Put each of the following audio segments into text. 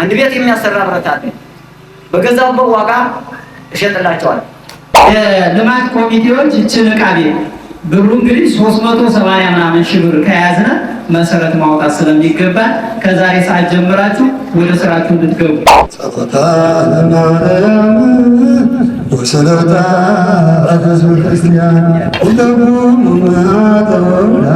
አንድ ቤት የሚያሰራ ብረት አለ። በገዛበት ዋጋ እሸጥላቸዋል። ልማት ኮሚቴዎች ይችን ዕቃ ቤት ብሩ እንግዲህ ሶስት መቶ ሰማንያ ምናምን ሺህ ብር ከያዝነ መሰረት ማውጣት ስለሚገባ ከዛሬ ሰዓት ጀምራችሁ ወደ ስራችሁ እንድትገቡ ወሰለታ ለማርያም ወሰላታ ለህዝብ ክርስቲያን ሁለቡም ተወላ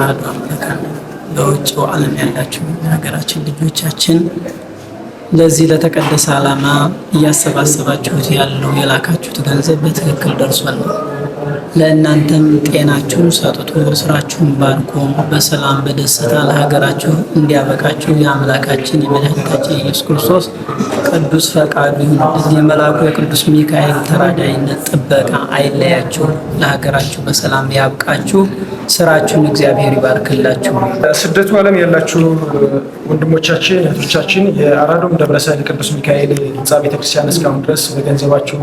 ፈቃዱ አምላክ በውጭው ዓለም ያላችሁ የሀገራችን ልጆቻችን ለዚህ ለተቀደሰ ዓላማ እያሰባሰባችሁት ያለው የላካችሁት ገንዘብ በትክክል ደርሷል ነው ለእናንተም ጤናችሁ ሰጥቶ ስራችሁን ባርኮ በሰላም በደስታ ለሀገራችሁ እንዲያበቃችሁ የአምላካችን የመድኃኒታችን ኢየሱስ ክርስቶስ ቅዱስ ፈቃዱ ይሁን። የመልአኩ የቅዱስ ሚካኤል ተራዳይነት ጥበቃ አይለያችሁ። ለሀገራችሁ በሰላም ያብቃችሁ። ስራችሁን እግዚአብሔር ይባርክላችሁ። ስደቱ ዓለም ያላችሁ ወንድሞቻችን እህቶቻችን፣ የአራዶም ደብረሰን ቅዱስ ሚካኤል ህንፃ ቤተክርስቲያን እስካሁን ድረስ በገንዘባችሁ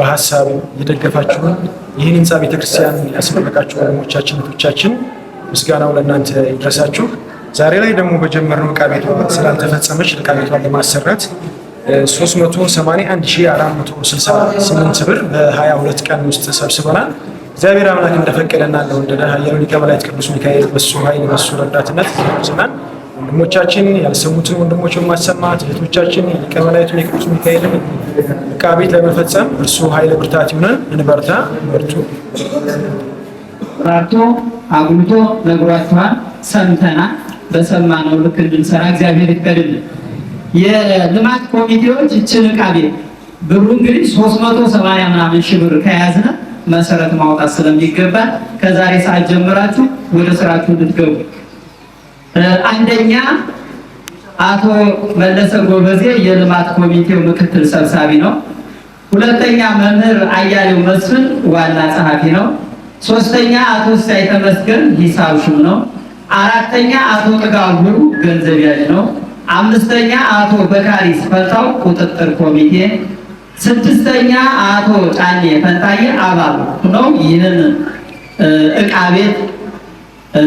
በሀሳብ የደገፋችሁን ይህን ህንፃ ቤተክርስቲያን ያስመረቃችሁ ወንድሞቻችን እህቶቻችን ምስጋናው ለእናንተ ይድረሳችሁ። ዛሬ ላይ ደግሞ በጀመርነው ዕቃ ቤቷ ስላልተፈጸመች ዕቃ ቤቷን ለማሰራት 381468 ብር በ22 ቀን ውስጥ ሰብስበናል። እግዚአብሔር አምላክ እንደፈቀደና እንደወደደ ሊቀ መላእክት ቅዱስ ሚካኤል በሱ ኃይል በሱ ረዳትነት ዘናል ወንድሞቻችን ያልሰሙትን ወንድሞች በማሰማት እህቶቻችን ሊቀ መላእክቱን የቅዱስ ሚካኤልን መቃቤት ለመፈጸም እርሱ ኃይለ ብርታት ይሆነን። እንበርታ፣ በርቱ። ራቶ አጉልቶ ነግሯችኋል፣ ሰምተናል። በሰማነው ልክ እንድንሰራ እግዚአብሔር ይፍቀድልን። የልማት ኮሚቴዎች ይችን ዕቃ ቤት ብሩ እንግዲህ ሶስት መቶ ሰማንያ ምናምን ሺህ ብር ከያዝነ መሰረት ማውጣት ስለሚገባል ከዛሬ ሰዓት ጀምራችሁ ወደ ስራችሁ እንድትገቡ አንደኛ አቶ መለሰ ጎበዜ የልማት ኮሚቴው ምክትል ሰብሳቢ ነው። ሁለተኛ መምህር አያሌው መስፍን ዋና ጸሐፊ ነው። ሶስተኛ አቶ ሳይ ተመስገን ሂሳብ ሹም ነው። አራተኛ አቶ ጥጋቡ ገንዘብ ያዥ ነው። አምስተኛ አቶ በካሪስ ፈንታው ቁጥጥር ኮሚቴ፣ ስድስተኛ አቶ ጫኔ ፈንታዬ አባል ነው። ይህንን እቃ ቤት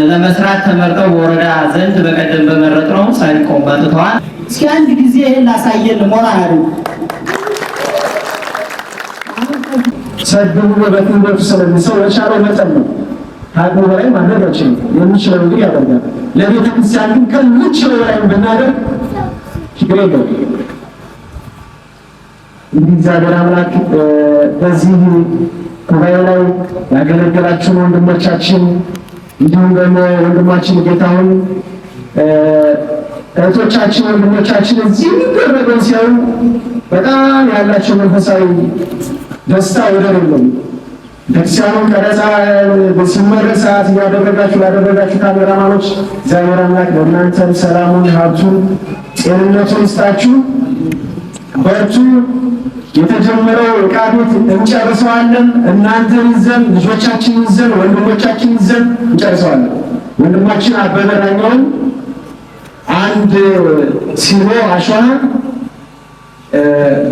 ለመስራት ተመርጠው በወረዳ ዘንድ በቀደም በመረጥ ነው ሳይቆም መጥተዋል። እስኪ አንድ ጊዜ ይህን ላሳየን ሞራ አሉ ሰድቡ በበትንበቱ ስለሚሰው በቻለው መጠን ነው ከአቅሙ በላይ ማድረግ አይችልም። የሚችለው እንግዲህ ያደርጋል። ለቤተ ክርስቲያን ግን ከምንችለው በላይ ብናደርግ ችግር የለው። እንግዲህ እግዚአብሔር አምላክ በዚህ ጉባኤ ላይ ያገለገላችሁን ወንድሞቻችን እንዲሁም ደግሞ ወንድማችን ጌታሁን እህቶቻችን ወንድሞቻችን እዚህ የሚደረገው ሲያዩ በጣም ያላቸው መንፈሳዊ ደስታ ወደር የለም። ቤተክርስቲያኑ ቀረጻ ስመረ ሰዓት እያደረጋችሁ ያደረጋችሁ ካሜራማኖች እግዚአብሔር አምላክ በእናንተም ሰላሙን ሀብቱን ጤንነቱን ይስጣችሁ። በርቱ። የተጀመረው የቃዱት እንጨርሰዋለን። እናንተን ይዘን ልጆቻችን ይዘን ወንድሞቻችን ይዘን እንጨርሰዋለን። ወንድማችን አበበ ዳኛውን አንድ ሲኖ አሸዋ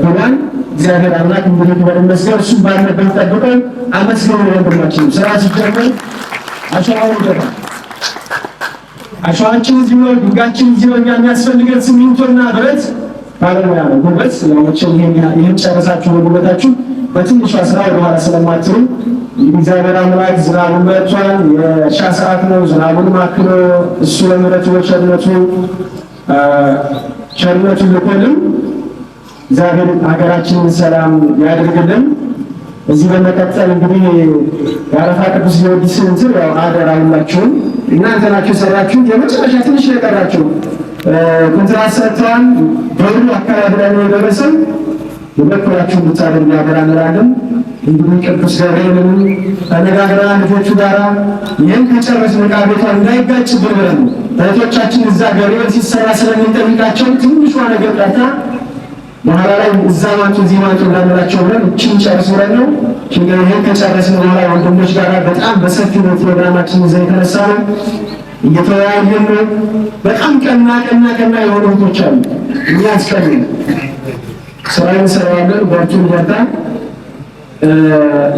ብለን እግዚአብሔር አምላክ እንግዲህ ክበር እሱም ባለበት ጠብቀን አመስገን። ወንድማችን ስራ ሲጀምር አሸዋው ይገባ አሸዋችን ዚሆ ድንጋችን ዚሆ እኛ የሚያስፈልገን ሲሚንቶና ብረት ባለሙያ ነው። ጉልበት ስለመቸው ይህም ጨረሳችሁ በጉልበታችሁ በትንሿ ስራ በኋላ ስለማትሩ እግዚአብሔር አምላክ ዝናቡ መጥቷል። የእርሻ ሰዓት ነው። ዝናቡን ማክሎ እሱ በምሕረቱ በቸርነቱ ቸርነቱን ልኮልን እግዚአብሔር ሀገራችንን ሰላም ያደርግልን። እዚህ በመቀጠል እንግዲህ የአረፋ ቅዱስ ጊዮርጊስን እንትን ያው አደራ ሁላችሁም እናንተ ናችሁ የሰራችሁት የመጨረሻ ትንሽ የቀራችሁ ኮንትራት ሰጥተዋል። በሁሉ አካባቢ ላይ ነው የደረሰው። የበኩላችሁን ብታደርጉ እናገራለን። እንግዲህ ቅዱስ ገብርኤልን አነጋግራ ልጆቹ ጋራ ይህን ከጨረስን ዕቃ ቤቷ እንዳይጋጭብን ብለን እህቶቻችን እዛ ገብርኤል ሲሰራ ስለሚጠይቃቸው ትንሿ ነገር ቀርታ በኋላ ላይ እዛ ማጡ እዚህ ማጡ እንዳንላቸው ብለን እችን ጨርስ ብለን ነው። ይህን ከጨረስን በኋላ ወንድሞች ጋራ በጣም በሰፊ ነው ፕሮግራማችን ይዘን የተነሳ ነው። እየተወያየን ነው። በጣም ቀና ቀና ቀና የሆኑ ህቶች አሉ። እኛ አስቀሚ ስራ እንሰራለን፣ ጓችን እያጣን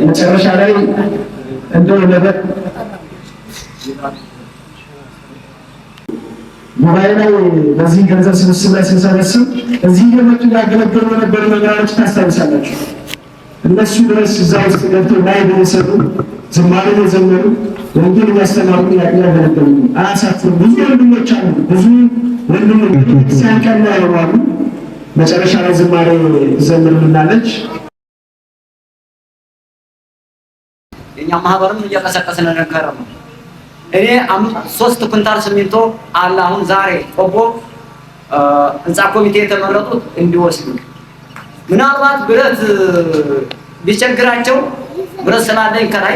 መጨረሻ ላይ እንደው ለበት ጉባኤ ላይ በዚህ ገንዘብ ስብስብ ላይ ስንሰበስብ እዚህ እየመጡ ያገለገሉ የነበሩ መምህራኖች ታስታውሳላችሁ። እነሱ ድረስ እዛ ውስጥ ገብተው ላይ በሚሰሩ ዝማሬ የዘመሩ ወንጌል እያስተማሩ ያገለገሉ አያሳፍሩ ብዙ ወንድሞች አሉ። ብዙ ወንድሞች ሲያቀና ይሆናሉ። መጨረሻ ላይ ዝማሬ ዘምርልናለች። የእኛ ማህበርም እየቀሰቀስን ነገረም እኔ ሶስት ኩንታል ሲሚንቶ አለ አሁን ዛሬ ቆቦ ህንፃ ኮሚቴ የተመረጡት እንዲወስዱ ምናልባት ብረት ቢቸግራቸው ብረት ስላለኝ ከላይ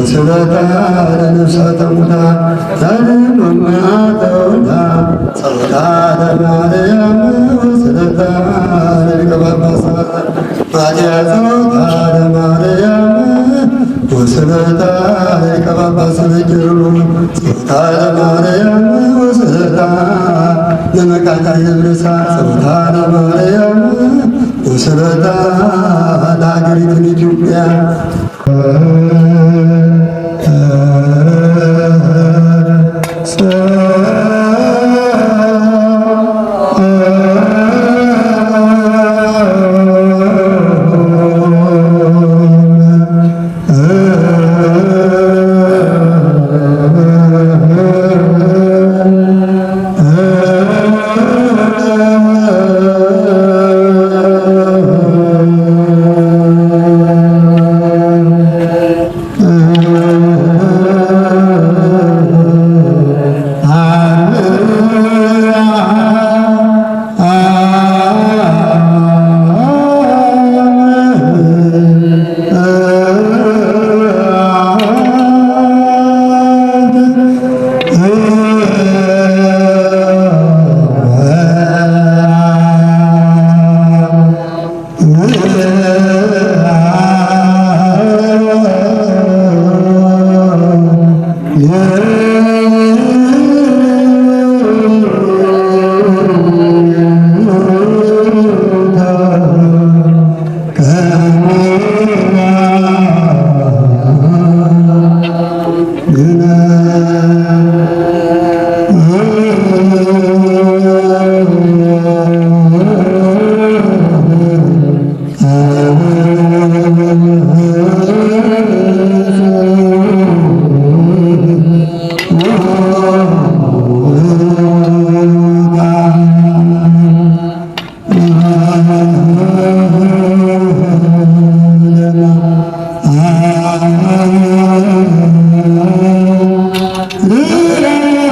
ወስብሐት ለነፍሳተ ሙታን ጸሎተ ማርያም ወስብሐት ለሊቀ ጳጳሳት ማርያም ወስብሐት ለሀገሪቱን ኢትዮጵያ Amen. Mm-hmm. Yeah.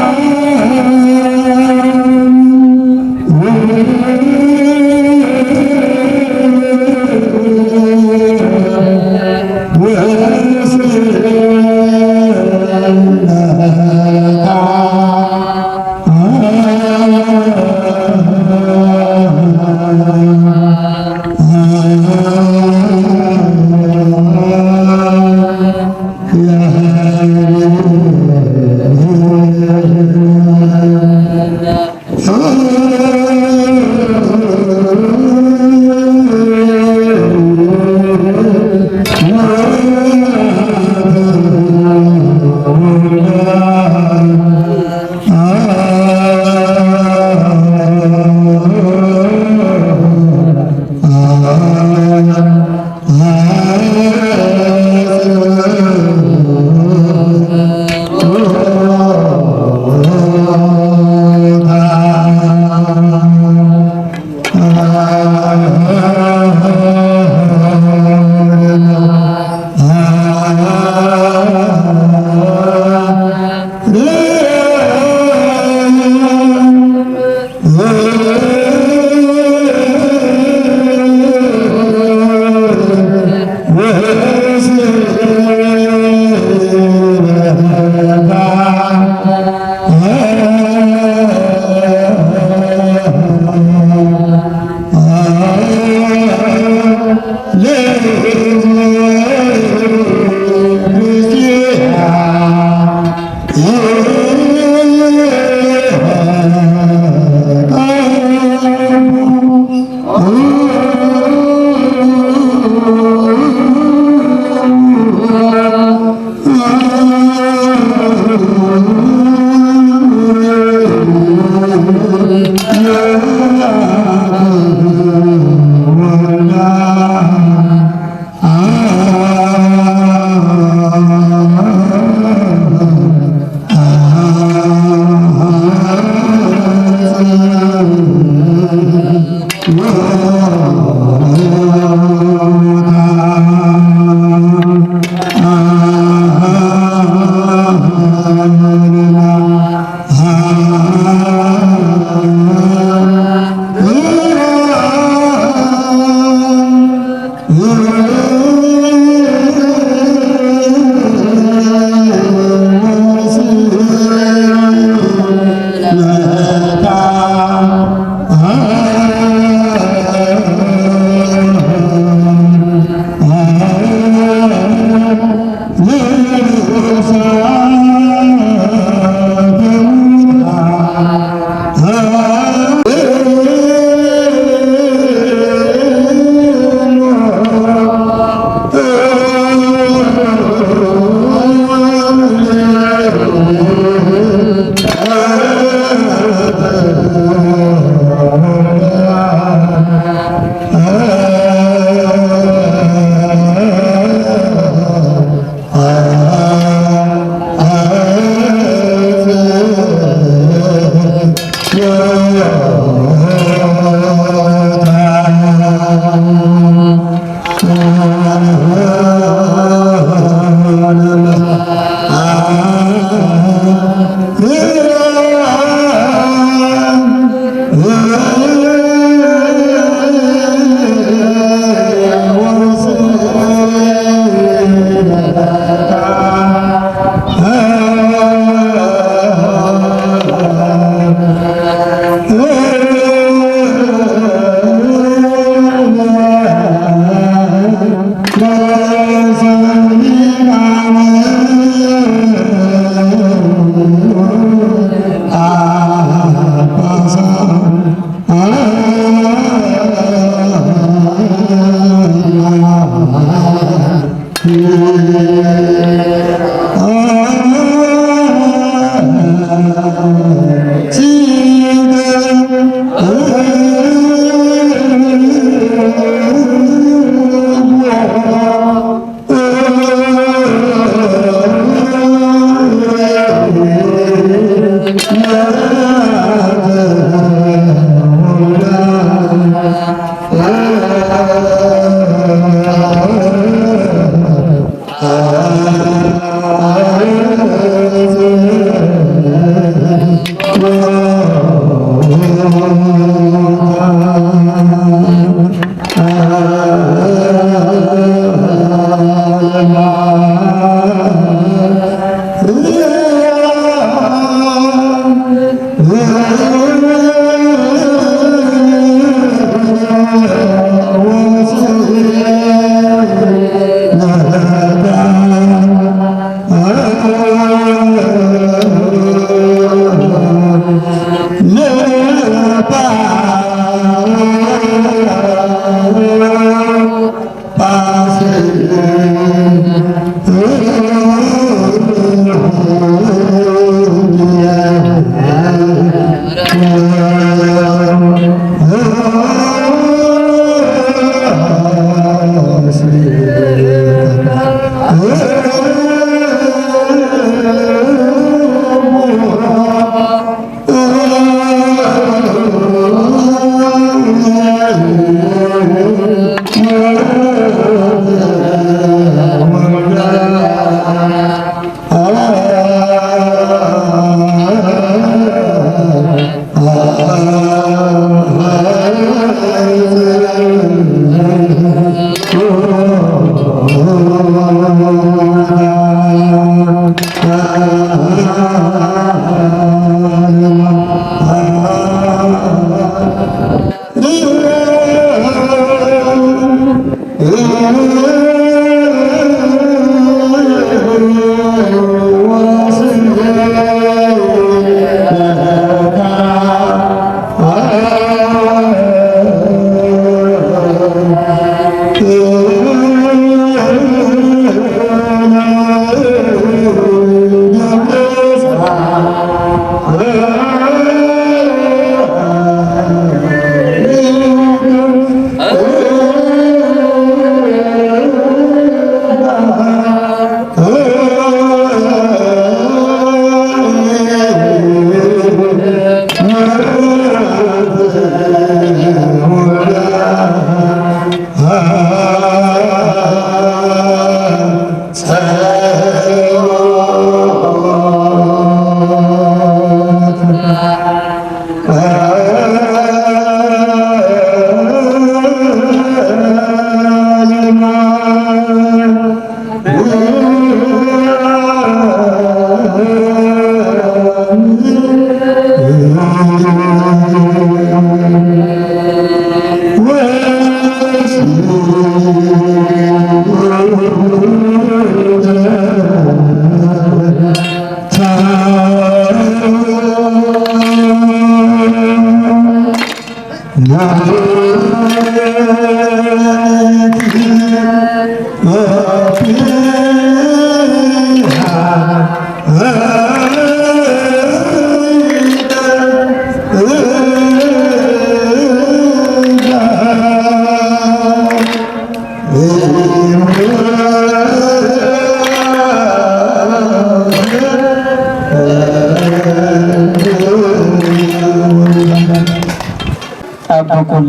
Mata Gracias.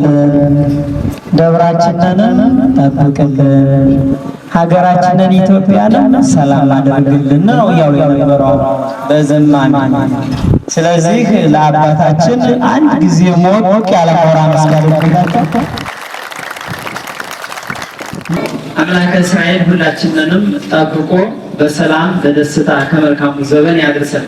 አኑርልን፣ ደብራችንን ጠብቅልን፣ ሀገራችንን ኢትዮጵያንን ሰላም አድርግልን ነው ያው የነበረው በዘማን። ስለዚህ ለአባታችን አንድ ጊዜ ሞቅ ያለ ኮራ መስጋድግታቸው አምላከ እስራኤል ሁላችንንም ጠብቆ በሰላም በደስታ ከመልካሙ ዘመን ያድርሰን።